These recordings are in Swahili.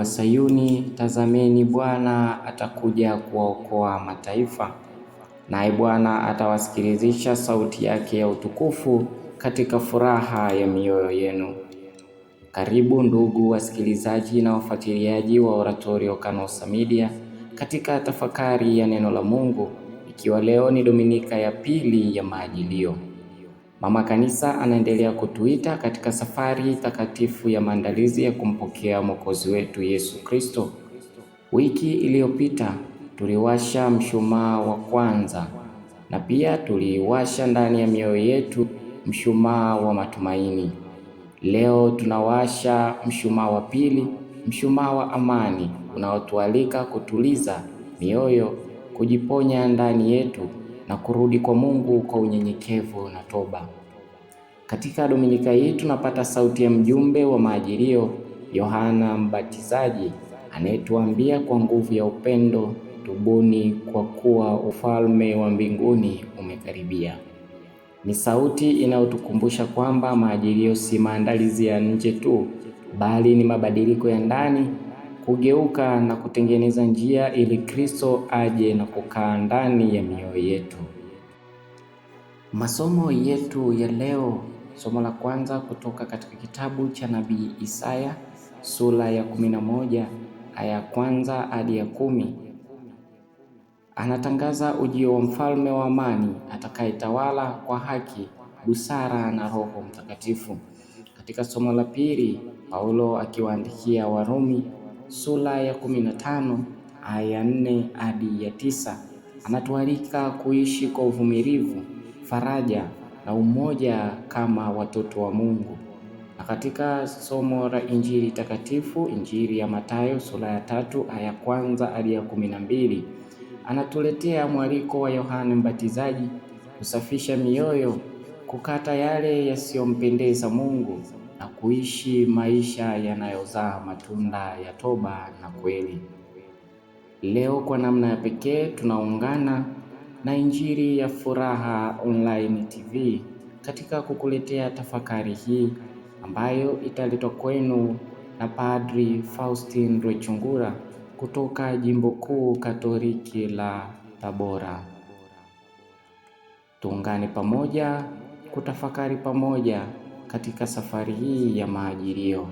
wa Sayuni, tazameni Bwana atakuja kuwaokoa mataifa, naye Bwana atawasikilizisha sauti yake ya utukufu katika furaha ya mioyo yenu. Karibu ndugu wasikilizaji na wafuatiliaji wa Oratorio Kanosa Media katika tafakari ya neno la Mungu, ikiwa leo ni Dominika ya pili ya maajilio Mama Kanisa anaendelea kutuita katika safari takatifu ya maandalizi ya kumpokea Mwokozi wetu Yesu Kristo. Wiki iliyopita tuliwasha mshumaa wa kwanza na pia tuliwasha ndani ya mioyo yetu mshumaa wa matumaini. Leo tunawasha mshumaa wa pili, mshumaa wa amani unaotualika kutuliza mioyo, kujiponya ndani yetu na kurudi kwa Mungu kwa unyenyekevu na toba. Katika dominika hii tunapata sauti ya mjumbe wa maajirio Yohana Mbatizaji, anayetuambia kwa nguvu ya upendo, tubuni kwa kuwa ufalme wa mbinguni umekaribia. Ni sauti inayotukumbusha kwamba maajirio si maandalizi ya nje tu, bali ni mabadiliko ya ndani kugeuka na kutengeneza njia ili Kristo aje na kukaa ndani ya mioyo yetu. Masomo yetu ya leo, somo la kwanza kutoka katika kitabu cha nabii Isaya sura ya kumi na moja aya ya kwanza hadi ya kumi. Anatangaza ujio wa mfalme wa amani atakayetawala kwa haki, busara na Roho Mtakatifu. Katika somo la pili, Paulo akiwaandikia Warumi sura ya kumi na tano aya ya nne hadi ya tisa anatualika kuishi kwa uvumilivu, faraja na umoja kama watoto wa Mungu. Na katika somo la Injili takatifu, Injili ya Mathayo sura ya tatu aya ya kwanza hadi ya kumi na mbili anatuletea mwaliko wa Yohane Mbatizaji kusafisha mioyo, kukata yale yasiyompendeza Mungu kuishi maisha yanayozaa matunda ya toba na kweli. Leo kwa namna ya pekee tunaungana na Injili ya Furaha Online TV katika kukuletea tafakari hii ambayo italetwa kwenu na Padri Faustin Rwechungura kutoka Jimbo Kuu Katoliki la Tabora. Tuungane pamoja kutafakari pamoja katika safari hii ya maajirio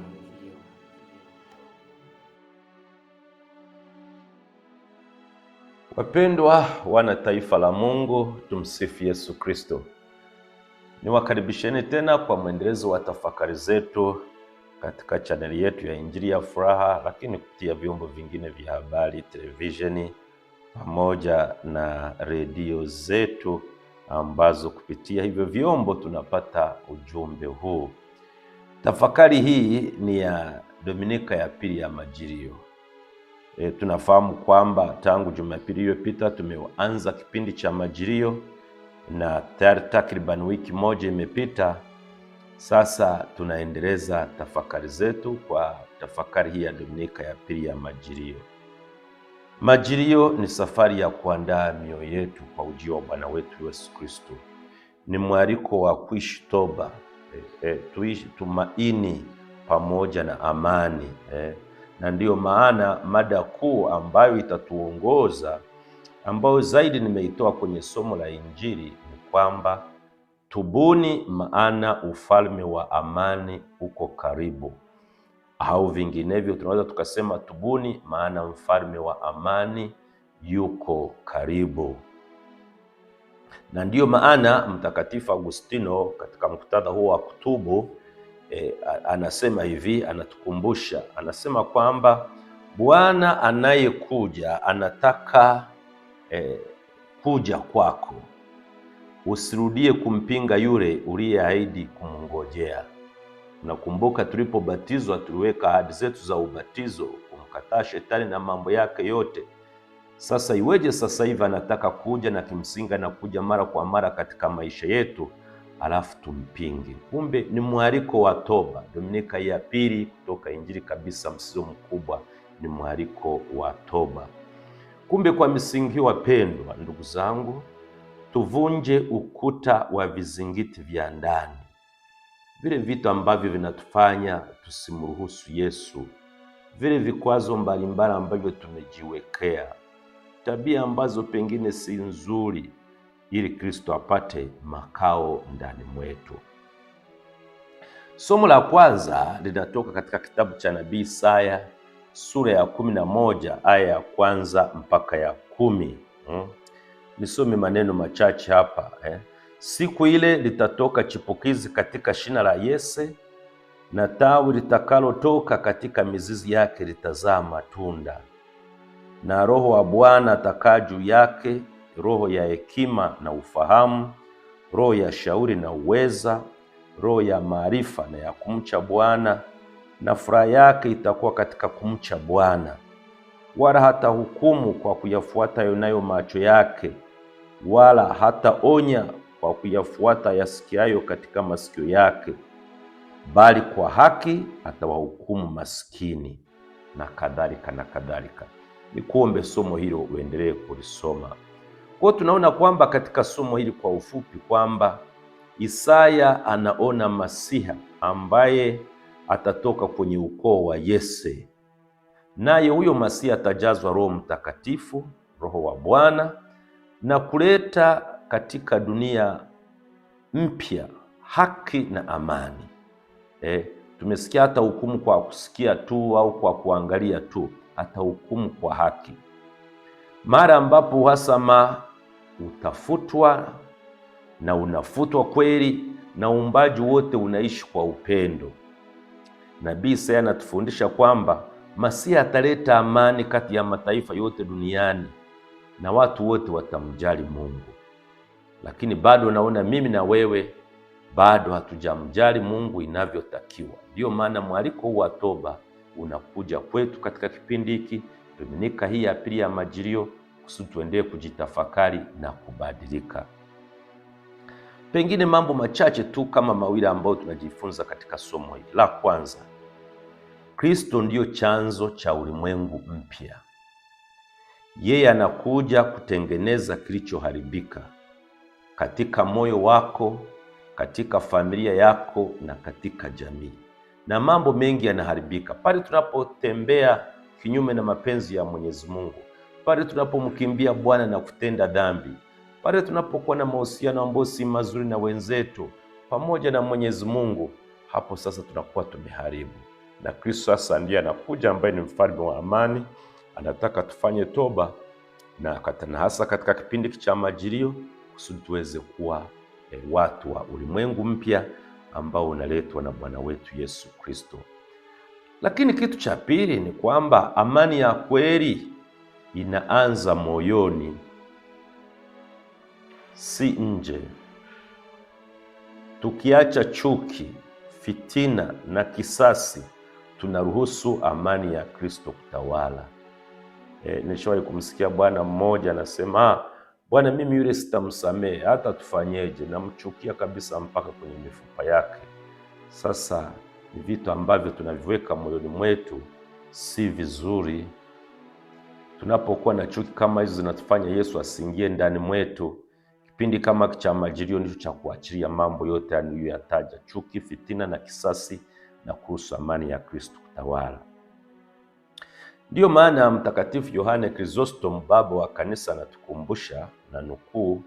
Wapendwa wana taifa la Mungu, tumsifu Yesu Kristo. Niwakaribisheni tena kwa mwendelezo wa tafakari zetu katika chaneli yetu ya Injili ya Furaha, lakini kupitia vyombo vingine vya habari, televisheni pamoja na redio zetu ambazo kupitia hivyo vyombo tunapata ujumbe huu. Tafakari hii ni ya Dominika ya pili ya Majilio. E, tunafahamu kwamba tangu Jumapili iliyopita tumeanza kipindi cha Majilio na tayari takriban wiki moja imepita. Sasa tunaendeleza tafakari zetu kwa tafakari hii ya Dominika ya pili ya Majilio. Majilio ni safari ya kuandaa mioyo yetu kwa ujio wa Bwana wetu Yesu Kristo. Ni mwaliko wa kuishi toba eh, eh, tuishi tumaini pamoja na amani eh. Na ndiyo maana mada kuu ambayo itatuongoza ambayo zaidi nimeitoa kwenye somo la Injili ni kwamba tubuni, maana ufalme wa amani uko karibu au vinginevyo tunaweza tukasema tubuni, maana mfalme wa amani yuko karibu. Na ndiyo maana Mtakatifu Agustino katika muktadha huo wa kutubu e, anasema hivi, anatukumbusha, anasema kwamba Bwana anayekuja anataka e, kuja kwako, usirudie kumpinga yule uliyeahidi kumngojea nakumbuka tulipobatizwa tuliweka ahadi zetu za ubatizo kumkataa shetani na mambo yake yote. Sasa iweje sasa hivi anataka kuja na kimsingi kuja mara kwa mara katika maisha yetu alafu tumpinge? Kumbe ni mwaliko wa toba. Dominika ya pili kutoka Injili kabisa, msizo mkubwa ni mwaliko wa toba. Kumbe kwa misingi, wapendwa ndugu zangu, tuvunje ukuta wa vizingiti vya ndani vile vitu ambavyo vinatufanya tusimruhusu Yesu, vile vikwazo mbalimbali ambavyo tumejiwekea, tabia ambazo pengine si nzuri, ili Kristo apate makao ndani mwetu. Somo la kwanza linatoka katika kitabu cha nabii Isaya sura ya kumi na moja aya ya kwanza mpaka ya kumi. Hmm. Nisome maneno machache hapa eh. Siku ile litatoka chipukizi katika shina la Yese, na tawi litakalotoka katika mizizi yake litazaa matunda. Na Roho wa Bwana atakaa juu yake, roho ya hekima na ufahamu, roho ya shauri na uweza, roho ya maarifa na ya kumcha Bwana, na furaha yake itakuwa katika kumcha Bwana. Wala hatahukumu kwa kuyafuata yonayo macho yake, wala hataonya kwa kuyafuata yasikiayo katika masikio yake, bali kwa haki atawahukumu maskini, na kadhalika na kadhalika. Ni kuombe somo hilo uendelee kulisoma. Kwa tunaona kwamba katika somo hili kwa ufupi kwamba Isaya anaona Masiha ambaye atatoka kwenye ukoo wa Yese, naye huyo Masiha atajazwa Roho Mtakatifu, Roho wa Bwana na kuleta katika dunia mpya, haki na amani. E, tumesikia hata hukumu kwa kusikia tu au kwa kuangalia tu, hata hukumu kwa haki. Mara ambapo uhasama utafutwa na unafutwa kweli, na uumbaji wote unaishi kwa upendo. Nabii Isaya anatufundisha kwamba Masihi ataleta amani kati ya mataifa yote duniani na watu wote watamjali Mungu lakini bado naona mimi na wewe bado hatujamjali Mungu inavyotakiwa. Ndiyo maana mwaliko huu wa toba unakuja kwetu katika kipindi hiki, Dominika hii ya pili ya Majilio, kusudi tuendelee kujitafakari na kubadilika. Pengine mambo machache tu kama mawili ambayo tunajifunza katika somo hili. La kwanza, Kristo ndiyo chanzo cha ulimwengu mpya. Yeye anakuja kutengeneza kilichoharibika katika moyo wako, katika familia yako na katika jamii, na mambo mengi yanaharibika pale tunapotembea kinyume na mapenzi ya Mwenyezi Mungu, pale tunapomkimbia Bwana na kutenda dhambi, pale tunapokuwa na mahusiano ambayo si mazuri na wenzetu pamoja na Mwenyezi Mungu, hapo sasa tunakuwa tumeharibu. Na Kristo sasa ndiye anakuja, ambaye ni mfalme wa amani, anataka tufanye toba na hasa katika kipindi cha majilio kusudi tuweze kuwa e, watu wa ulimwengu mpya ambao unaletwa na Bwana wetu Yesu Kristo. Lakini kitu cha pili ni kwamba amani ya kweli inaanza moyoni, si nje. Tukiacha chuki, fitina na kisasi, tunaruhusu amani ya Kristo kutawala. E, eh, nishawahi kumsikia bwana mmoja anasema Bwana, mimi yule sitamsamehe hata tufanyeje, namchukia kabisa mpaka kwenye mifupa yake. Sasa ni vitu ambavyo tunaviweka moyoni mwetu, si vizuri. Tunapokuwa na chuki kama hizo, zinatufanya Yesu asiingie ndani mwetu. Kipindi kama cha Majilio ndicho cha kuachilia mambo yote aliyoyataja: chuki, fitina na kisasi, na kuhusu amani ya Kristo kutawala. Ndiyo maana Mtakatifu Yohane Chrysostom, baba wa Kanisa, anatukumbusha na nukuu,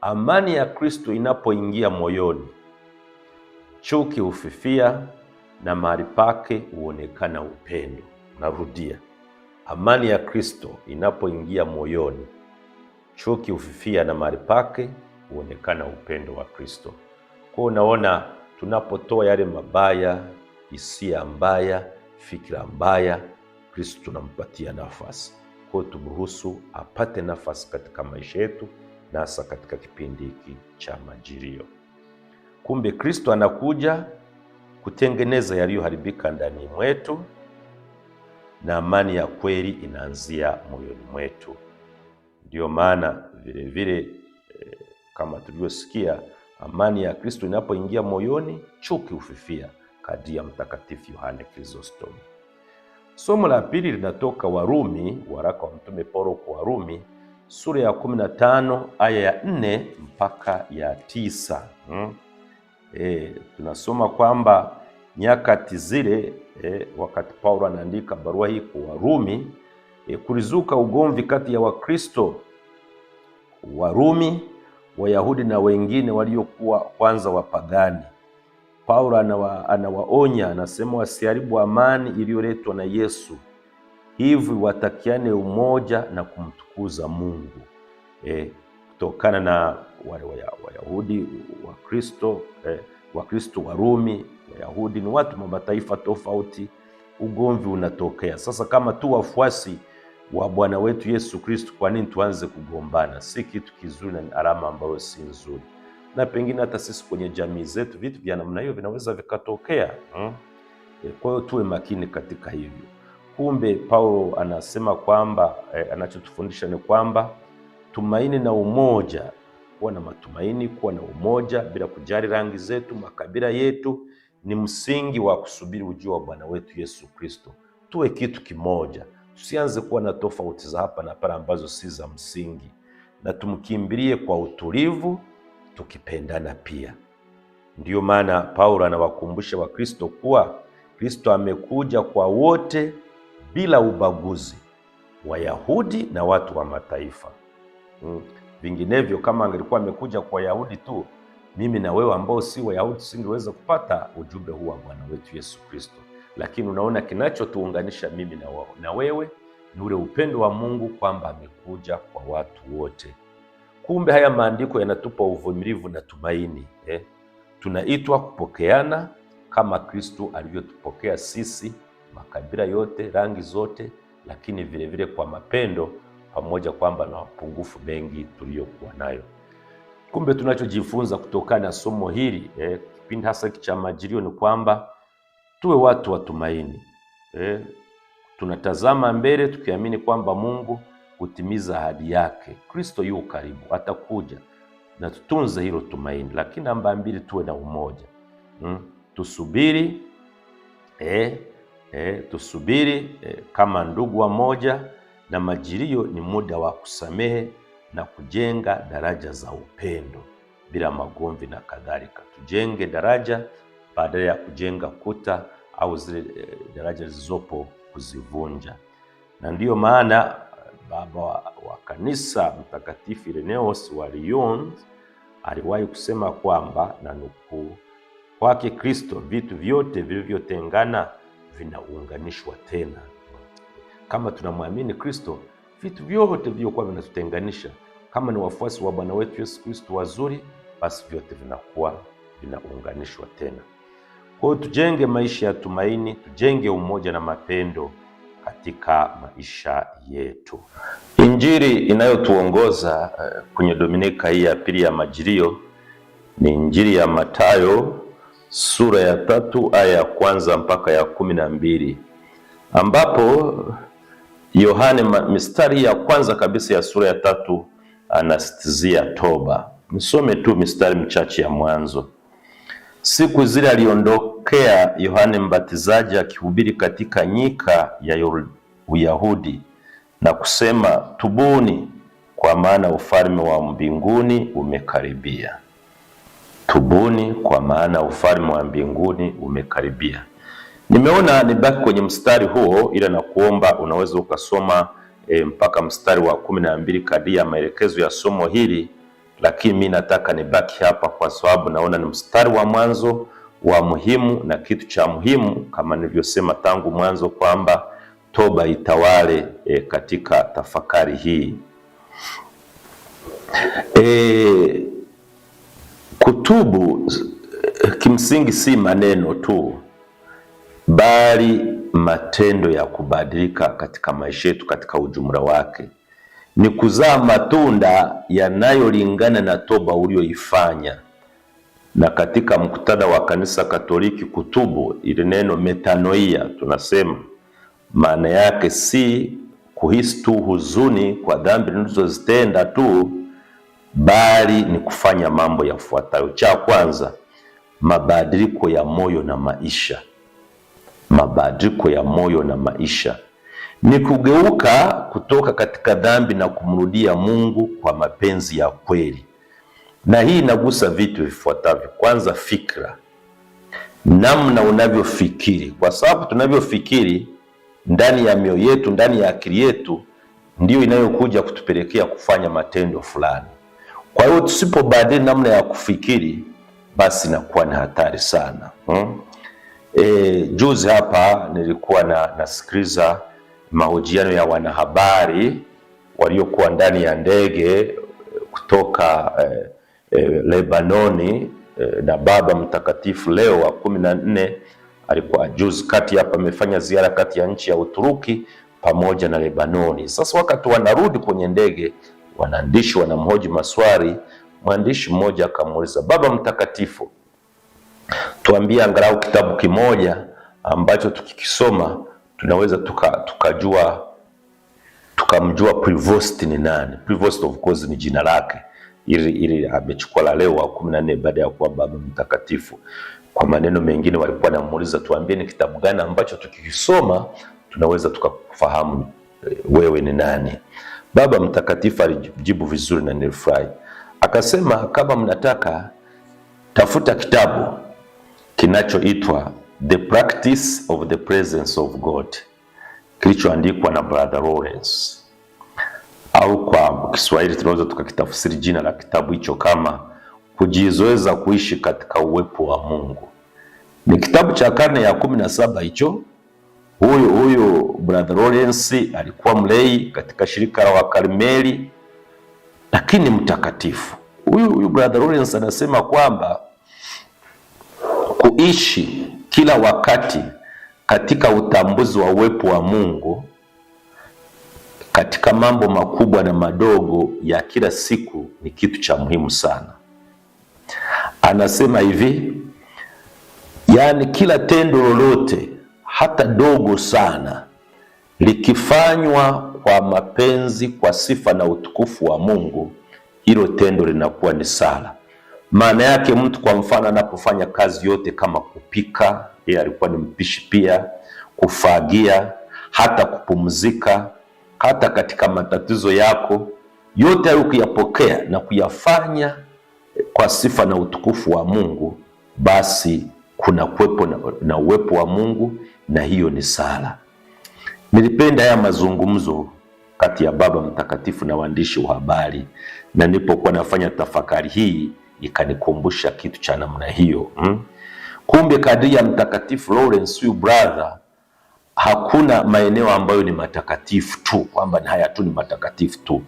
amani ya Kristo inapoingia moyoni, chuki hufifia na mahali pake huonekana upendo. Narudia, amani ya Kristo inapoingia moyoni, chuki hufifia na mahali pake huonekana upendo wa Kristo. Kwa unaona, tunapotoa yale mabaya, hisia mbaya, fikira mbaya, Kristo tunampatia nafasi kwa tumruhusu apate nafasi katika maisha yetu na hasa katika kipindi hiki cha majirio Kumbe Kristo anakuja kutengeneza yaliyoharibika ndani mwetu na amani ya kweli inaanzia moyoni mwetu. Ndiyo maana vilevile eh, kama tulivyosikia, amani ya Kristo inapoingia moyoni, chuki hufifia, kadiri ya Mtakatifu Yohane Krisostomo. Somo la pili linatoka Warumi, waraka wa Mtume Paulo kwa Warumi sura ya 15 aya ya 4 mpaka ya tisa. Hmm. E, tunasoma kwamba nyakati zile e, wakati Paulo anaandika barua hii kwa Warumi e, kulizuka ugomvi kati ya Wakristo Warumi, Wayahudi na wengine waliokuwa kwanza wapagani. Paulo anawa, anawaonya anasema, wasiharibu amani iliyoletwa na Yesu, hivi watakiane umoja na kumtukuza Mungu. E, kutokana na wale Wayahudi wa Kristo eh, Wakristo Warumi, Wayahudi ni watu wa mataifa tofauti, ugomvi unatokea. Sasa kama tu wafuasi wa Bwana wetu Yesu Kristo, kwa nini tuanze kugombana? Si kitu kizuri na ni alama ambayo si nzuri na pengine hata sisi kwenye jamii zetu vitu vya namna hiyo vinaweza vikatokea hmm. kwa hiyo tuwe makini katika hivyo. Kumbe Paulo anasema kwamba eh, anachotufundisha ni kwamba tumaini na umoja, kuwa na matumaini, kuwa na umoja bila kujali rangi zetu, makabila yetu, ni msingi wa kusubiri ujio wa Bwana wetu Yesu Kristo. Tuwe kitu kimoja, tusianze kuwa na tofauti za hapa na pale ambazo si za msingi, na tumkimbilie kwa utulivu tukipendana pia. Ndiyo maana Paulo anawakumbusha Wakristo kuwa Kristo amekuja kwa wote bila ubaguzi, Wayahudi na watu wa mataifa hmm. Vinginevyo, kama angelikuwa amekuja kwa Wayahudi tu, mimi na wewe ambao si Wayahudi singeweza kupata ujumbe huu wa Bwana wetu Yesu Kristo. Lakini unaona kinachotuunganisha mimi na, na wewe ni ule upendo wa Mungu kwamba amekuja kwa watu wote. Kumbe haya maandiko yanatupa uvumilivu na tumaini eh. Tunaitwa kupokeana kama Kristo alivyotupokea sisi, makabila yote, rangi zote, lakini vile vile kwa mapendo, pamoja kwamba na mapungufu mengi tuliyokuwa nayo. Kumbe tunachojifunza kutokana na somo hili eh, kipindi hasa cha Majilio ni kwamba tuwe watu wa tumaini eh, tunatazama mbele tukiamini kwamba Mungu kutimiza ahadi yake. Kristo yu karibu, atakuja na tutunze hilo tumaini. Lakini namba mbili, tuwe na umoja hmm? Tusubiri eh, eh, tusubiri eh, kama ndugu wa moja na majilio. Ni muda wa kusamehe na kujenga daraja za upendo bila magomvi na kadhalika. Tujenge daraja badala ya kujenga kuta au zile eh, daraja zilizopo kuzivunja, na ndiyo maana baba wa, kanisa Mtakatifu Irenaeus wa Lyon aliwahi kusema kwamba na nukuu, kwake Kristo vitu vyote vilivyotengana vinaunganishwa tena. Kama tunamwamini Kristo, vitu vyote vilivyokuwa vinatutenganisha, kama ni wafuasi wa Bwana wetu Yesu Kristo wazuri, basi vyote vinakuwa vinaunganishwa tena. Kwa hiyo tujenge maisha ya tumaini, tujenge umoja na mapendo katika maisha yetu. Injili inayotuongoza eh, kwenye Dominika hii ya pili ya Majilio ni Injili ya Mathayo sura ya tatu aya ya kwanza mpaka ya kumi na mbili ambapo Yohane mistari ya kwanza kabisa ya sura ya tatu anasitizia toba. Msome tu mistari michache ya mwanzo. Siku zile aliondokea Yohane Mbatizaji akihubiri katika nyika ya Uyahudi na kusema, tubuni kwa maana ufalme wa mbinguni umekaribia. Tubuni kwa maana ufalme wa mbinguni umekaribia. Nimeona nibaki kwenye mstari huo, ila na kuomba unaweza ukasoma e, mpaka mstari wa kumi na mbili kadri ya maelekezo ya somo hili lakini mi nataka nibaki hapa kwa sababu naona ni mstari wa mwanzo wa muhimu na kitu cha muhimu, kama nilivyosema tangu mwanzo kwamba toba itawale e, katika tafakari hii e, kutubu kimsingi si maneno tu, bali matendo ya kubadilika katika maisha yetu katika ujumla wake ni kuzaa matunda yanayolingana na toba uliyoifanya. Na katika muktadha wa kanisa Katoliki, kutubu ile neno metanoia, tunasema maana yake si kuhisi tu huzuni kwa dhambi nilizozitenda tu, bali ni kufanya mambo yafuatayo. Cha kwanza, mabadiliko ya moyo na maisha, mabadiliko ya moyo na maisha ni kugeuka kutoka katika dhambi na kumrudia Mungu kwa mapenzi ya kweli, na hii inagusa vitu vifuatavyo. Kwanza, fikra, namna unavyofikiri, kwa sababu tunavyofikiri ndani ya mioyo yetu, ndani ya akili yetu, ndiyo inayokuja kutupelekea kufanya matendo fulani. Kwa hiyo tusipobadili namna ya kufikiri, basi inakuwa ni hatari sana hmm. E, juzi hapa nilikuwa na nasikiliza mahojiano ya wanahabari waliokuwa ndani ya ndege eh, kutoka eh, eh, Lebanoni eh, na Baba Mtakatifu Leo wa kumi na nne alikuwa juzi kati hapa amefanya ziara kati ya nchi ya Uturuki pamoja na Lebanoni. Sasa wakati wanarudi kwenye ndege, wanaandishi wanamhoji maswali, mwandishi mmoja akamuuliza, Baba Mtakatifu, tuambie angalau kitabu kimoja ambacho tukikisoma tunaweza tukajua tuka tukamjua Prevost ni nani. Prevost of course ni jina lake ili ili amechukua la leo wa kumi na nne baada ya kuwa Baba Mtakatifu. Kwa maneno mengine, walikuwa namuuliza tuambie, ni kitabu gani ambacho tukikisoma tunaweza tukafahamu eh, wewe ni nani? Baba Mtakatifu alijibu vizuri na nilifurahi, akasema kama mnataka tafuta kitabu kinachoitwa The Practice of the Presence of God kilichoandikwa na Brother Lawrence, au kwa Kiswahili tunaweza tukakitafsiri jina la kitabu hicho kama kujizoeza kuishi katika uwepo wa Mungu. Ni kitabu cha karne ya kumi na saba hicho. Huyu huyu Brother Lawrence alikuwa mlei katika shirika la Wakarmeli, lakini mtakatifu. Huyu huyu Brother Lawrence anasema kwamba kuishi kila wakati katika utambuzi wa uwepo wa Mungu katika mambo makubwa na madogo ya kila siku ni kitu cha muhimu sana. Anasema hivi, yaani kila tendo lolote hata dogo sana likifanywa kwa mapenzi, kwa sifa na utukufu wa Mungu, hilo tendo linakuwa ni sala. Maana yake mtu kwa mfano anapofanya kazi yote kama kupika, yeye alikuwa ni mpishi pia, kufagia, hata kupumzika, hata katika matatizo yako yote hayo kuyapokea na kuyafanya kwa sifa na utukufu wa Mungu, basi kuna kuwepo na, na uwepo wa Mungu, na hiyo ni sala. Nilipenda haya mazungumzo kati ya Baba Mtakatifu na waandishi wa habari, na nilipokuwa nafanya tafakari hii ikanikumbusha kitu cha namna hiyo hmm? Kumbe kadri ya Mtakatifu Lawrence huyu brother, hakuna maeneo ambayo ni matakatifu tu kwamba haya tu ni matakatifu tu,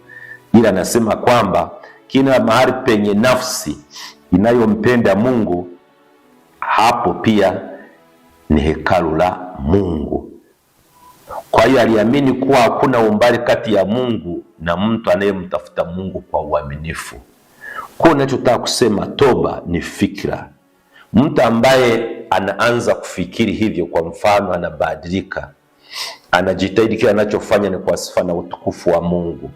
ila anasema kwamba kila mahali penye nafsi inayompenda Mungu hapo pia ni hekalu la Mungu. Kwa hiyo aliamini kuwa hakuna umbali kati ya Mungu na mtu anayemtafuta Mungu kwa uaminifu. Kwa ninachotaka kusema, toba ni fikra. Mtu ambaye anaanza kufikiri hivyo, kwa mfano, anabadilika, anajitahidi, kile anachofanya ni kwa sifa na utukufu wa Mungu,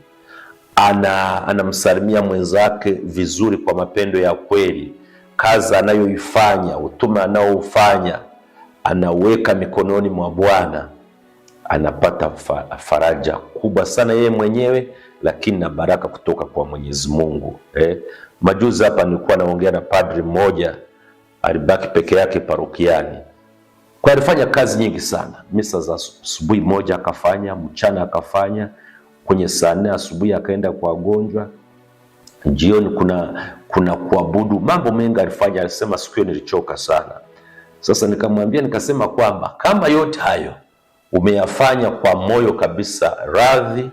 ana anamsalimia mwenzake vizuri kwa mapendo ya kweli, kazi anayoifanya, utume anaoufanya anaweka mikononi mwa Bwana, anapata faraja kubwa sana yeye mwenyewe, lakini na baraka kutoka kwa Mwenyezi Mungu eh. Majuzi hapa nilikuwa naongea na padri mmoja, alibaki peke yake parokiani, kwa alifanya kazi nyingi sana. Misa za asubuhi moja akafanya, mchana akafanya, kwenye saa nne asubuhi akaenda kwa wagonjwa, jioni kuna kuna kuabudu, mambo mengi alifanya. Alisema siku hiyo nilichoka sana. Sasa nikamwambia nikasema kwamba kama yote hayo umeyafanya kwa moyo kabisa radhi,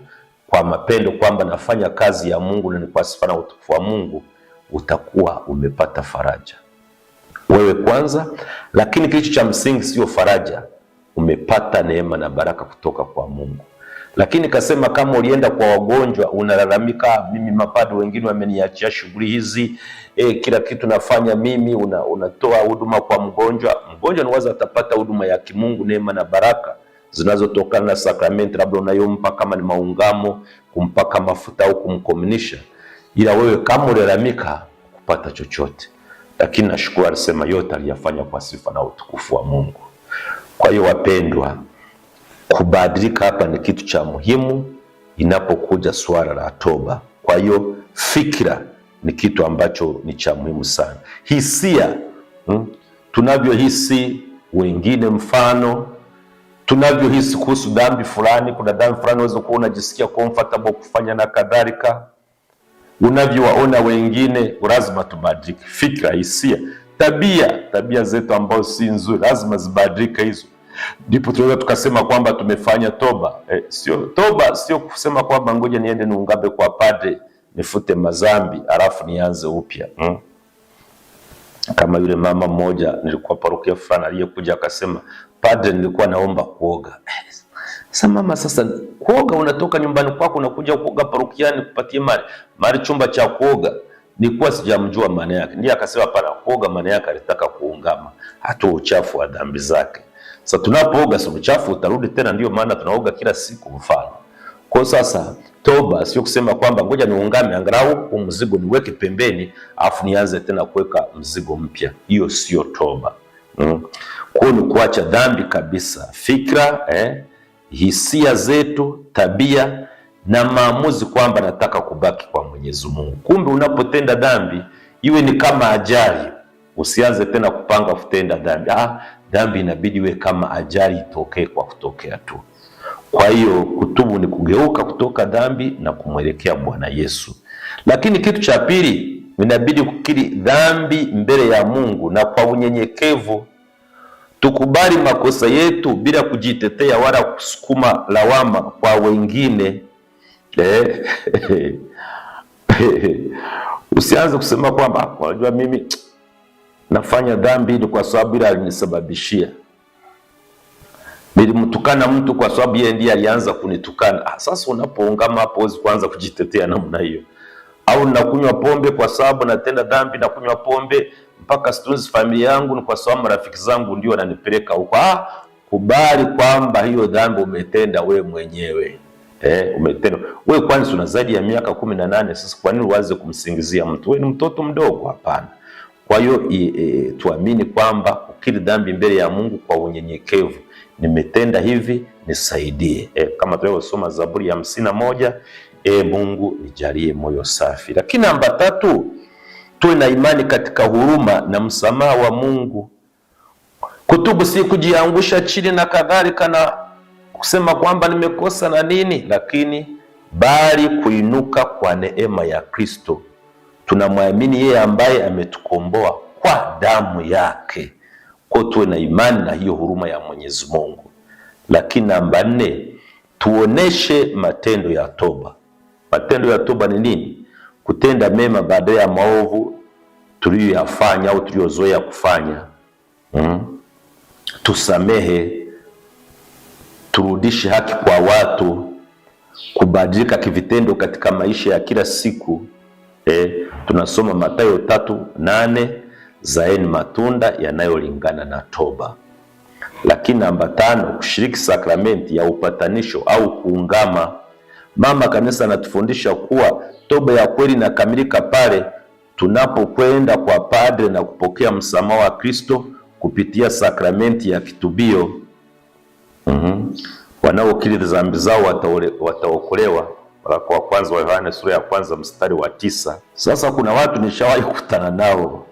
kwa mapendo, kwamba nafanya kazi ya Mungu na ni kwa sifa na utukufu wa Mungu, utakuwa umepata faraja wewe kwanza, lakini kilicho cha msingi sio faraja, umepata neema na baraka kutoka kwa Mungu. Lakini kasema kama ulienda kwa wagonjwa unalalamika, mimi mapado wengine wameniachia shughuli hizi e, kila kitu nafanya mimi, una, unatoa huduma kwa mgonjwa. Mgonjwa niwaza atapata huduma ya kimungu, neema na baraka zinazotokana na sakramenti labda unayompa, kama ni maungamo, kumpaka mafuta au kumkomunisha ila wewe kama ulilalamika kupata chochote, lakini nashukuru, alisema yote aliyafanya kwa sifa na utukufu wa Mungu. Kwa hiyo wapendwa, kubadilika hapa ni kitu cha muhimu inapokuja swala la toba. Kwa hiyo fikira ni kitu ambacho ni cha muhimu sana. Hisia hmm? tunavyohisi wengine, mfano tunavyohisi kuhusu dhambi fulani. Kuna dhambi fulani unaweza kuwa unajisikia comfortable kufanya na kadhalika unavyowaona wengine lazima tubadilike. Fikra, hisia, tabia, tabia zetu ambazo si nzuri lazima zibadilike hizo, ndipo tunaweza tukasema kwamba tumefanya toba. Eh, sio toba, sio kusema kwamba ngoja niende niungabe kwa padre nifute mazambi alafu nianze upya hmm. Kama yule mama mmoja, nilikuwa parokia fulani, aliyekuja akasema, padre, nilikuwa naomba kuoga eh, sasa mama, sasa kuoga, unatoka nyumbani kwako unakuja kuoga parukiani, kupatie mali mali, chumba cha kuoga ni nilikuwa sijamjua maana yake. Ndiye akasema pana kuoga maana yake alitaka kuungama, hatoa uchafu wa dhambi zake. Sasa tunapooga sio uchafu utarudi tena, ndio maana tunaoga kila siku mfano. Kwa sasa toba sio kusema kwamba ngoja niungame angalau huu mzigo niweke pembeni afu nianze tena kuweka mzigo mpya. Hiyo sio toba. Mm. Kwa ni kuacha dhambi kabisa. Fikra eh hisia zetu, tabia na maamuzi kwamba nataka kubaki kwa Mwenyezi Mungu. Kumbe unapotenda dhambi iwe ni kama ajali, usianze tena kupanga kutenda dhambi. Ah, dhambi inabidi iwe kama ajali, itokee kwa kutokea tu. Kwa hiyo kutubu ni kugeuka kutoka dhambi na kumwelekea Bwana Yesu. Lakini kitu cha pili, inabidi kukiri dhambi mbele ya Mungu na kwa unyenyekevu Tukubali makosa yetu bila kujitetea wala kusukuma lawama kwa wengine. Eh, usianze kusema kwamba unajua mimi nafanya dhambi ni kwa sababu ile alinisababishia. Nilimtukana mtu kwa sababu yeye ndiye alianza kunitukana. Ah, sasa unapoungama hapo huwezi kuanza kujitetea namna hiyo. Au nakunywa pombe kwa sababu natenda dhambi, nakunywa pombe mpaka situnzi familia yangu, ni kwa sababu marafiki zangu ndio wananipeleka huko. Ah, kubali kwamba hiyo dhambi umetenda we mwenyewe eh, umetenda we. Kwani una zaidi ya miaka kumi na nane sasa, kwa nini uanze kumsingizia mtu? We ni mtoto mdogo? Hapana. Kwa hiyo e, tuamini kwamba kukiri dhambi mbele ya Mungu kwa unyenyekevu, nimetenda hivi, nisaidie. E, kama tulivyosoma Zaburi ya hamsini na moja, e, Mungu nijalie moyo safi. Lakini namba tatu tuwe na imani katika huruma na msamaha wa Mungu. Kutubu si kujiangusha chini na kadhalika na kusema kwamba nimekosa na nini, lakini bali kuinuka kwa neema ya Kristo. Tunamwamini yeye ambaye ametukomboa kwa damu yake, kwa tuwe na imani na hiyo huruma ya Mwenyezi Mungu. Lakini namba nne, tuoneshe matendo ya toba. Matendo ya toba ni nini? kutenda mema baada ya maovu tuliyoyafanya au tuliyozoea kufanya mm. Tusamehe, turudishe haki kwa watu, kubadilika kivitendo katika maisha ya kila siku. Eh, tunasoma Mathayo tatu nane zaeni matunda yanayolingana na toba. Lakini namba tano, kushiriki sakramenti ya upatanisho au kuungama Mama Kanisa anatufundisha kuwa toba ya kweli inakamilika pale tunapokwenda kwa padre na kupokea msamaha wa Kristo kupitia sakramenti ya kitubio. mm -hmm. Wanaokiri dhambi zao wataokolewa, waraka wa kwanza wa Yohana sura ya kwanza mstari wa tisa. Sasa kuna watu nishawahi kukutana nao,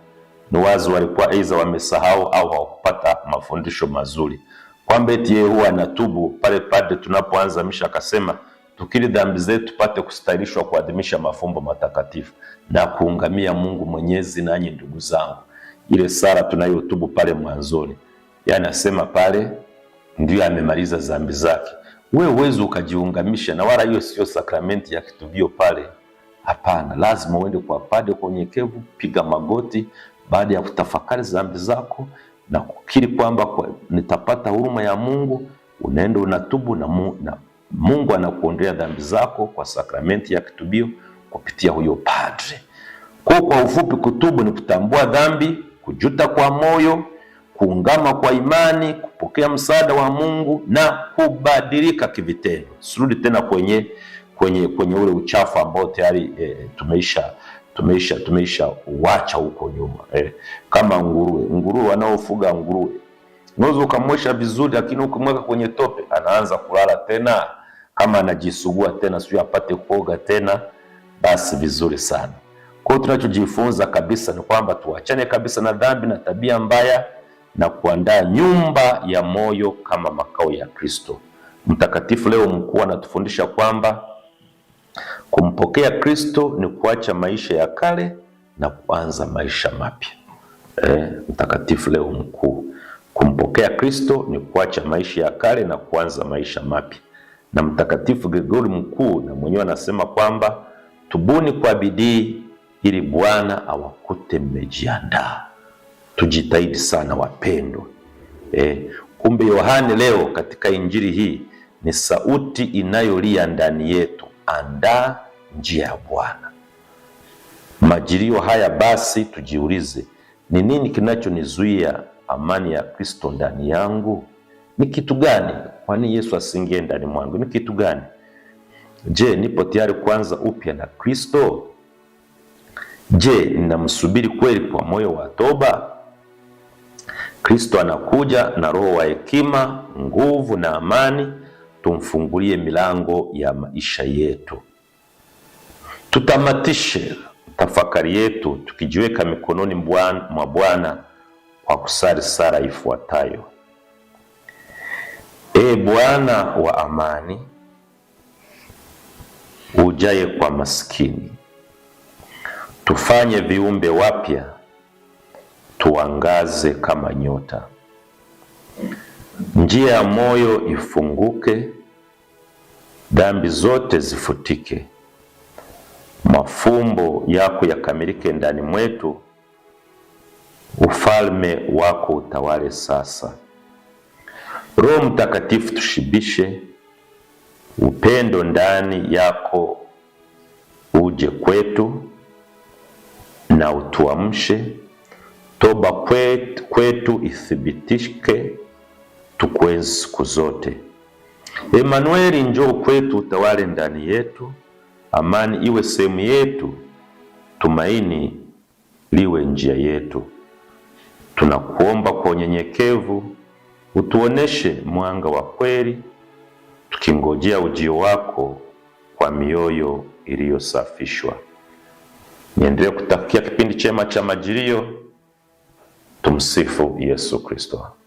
ni wazi walikuwa aidha wamesahau au hawakupata mafundisho mazuri, kwamba eti yeye huwa anatubu pale padre tunapoanza misha, akasema tukiri dhambi zetu tupate kustahilishwa kuadhimisha mafumbo matakatifu na kuungamia Mungu Mwenyezi. Nanyi ndugu zangu, ile sala tunayotubu pale mwanzoni, yaani asema pale ndiyo amemaliza dhambi zake. We uwezi ukajiungamisha, na wala hiyo siyo sakramenti ya kitubio pale. Hapana, lazima uende kwa padre kwa unyekevu, piga magoti baada ya kutafakari dhambi zako na kukiri kwamba kwa, nitapata huruma ya Mungu. Unaenda unatubu na, na Mungu anakuondolea dhambi zako kwa sakramenti ya kitubio kupitia huyo padre. Kwa kwa ufupi, kutubu ni kutambua dhambi, kujuta kwa moyo, kuungama kwa imani, kupokea msaada wa Mungu na kubadilika kivitendo. Sirudi tena kwenye kwenye kwenye ule uchafu ambao tayari e, tumeisha tumeisha tumeisha uacha huko nyuma e, kama nguruwe nguruwe wanaofuga nguruwe unaweza ukamwosha vizuri, lakini ukimweka kwenye tope anaanza kulala tena kama anajisugua tena, sio apate kuoga tena, basi vizuri sana. Kwa hiyo tunachojifunza kabisa ni kwamba tuachane kabisa na dhambi na tabia mbaya na kuandaa nyumba ya moyo kama makao ya Kristo. Mtakatifu Leo Mkuu anatufundisha kwamba kumpokea Kristo ni kuacha maisha ya kale na kuanza maisha mapya. Eh, Mtakatifu Leo Mkuu, kumpokea Kristo ni kuacha maisha ya kale na kuanza maisha mapya na Mtakatifu Gregori Mkuu na mwenyewe anasema kwamba tubuni kwa bidii ili Bwana awakute mmejiandaa. Tujitahidi sana wapendwa. E, kumbe Yohane leo katika injili hii ni sauti inayolia ndani yetu, andaa njia ya Bwana. Majilio haya basi, tujiulize ni nini kinachonizuia amani ya Kristo ndani yangu? Ni kitu gani kwa nini Yesu asingie ndani mwangu? Ni kitu gani? Je, nipo tayari kuanza upya na Kristo? Je, ninamsubiri kweli kwa moyo wa toba? Kristo anakuja na roho wa hekima, nguvu na amani. Tumfungulie milango ya maisha yetu. Tutamatishe tafakari yetu tukijiweka mikononi mwa Bwana kwa kusali sala ifuatayo. Ee Bwana wa amani, ujaye kwa maskini, tufanye viumbe wapya, tuangaze kama nyota. Njia ya moyo ifunguke, dhambi zote zifutike, mafumbo yako yakamilike ndani mwetu, ufalme wako utawale sasa. Roho Mtakatifu, tushibishe upendo ndani yako, uje kwetu na utuamshe. Toba kwetu, kwetu ithibitike, tukuenzi siku zote. Emanueli, njoo kwetu, utawale ndani yetu, amani iwe sehemu yetu, tumaini liwe njia yetu. Tunakuomba kwa unyenyekevu utuoneshe mwanga wa kweli, tukingojea ujio wako kwa mioyo iliyosafishwa. Niendelee kutakia kipindi chema cha Majilio. Tumsifu Yesu Kristo.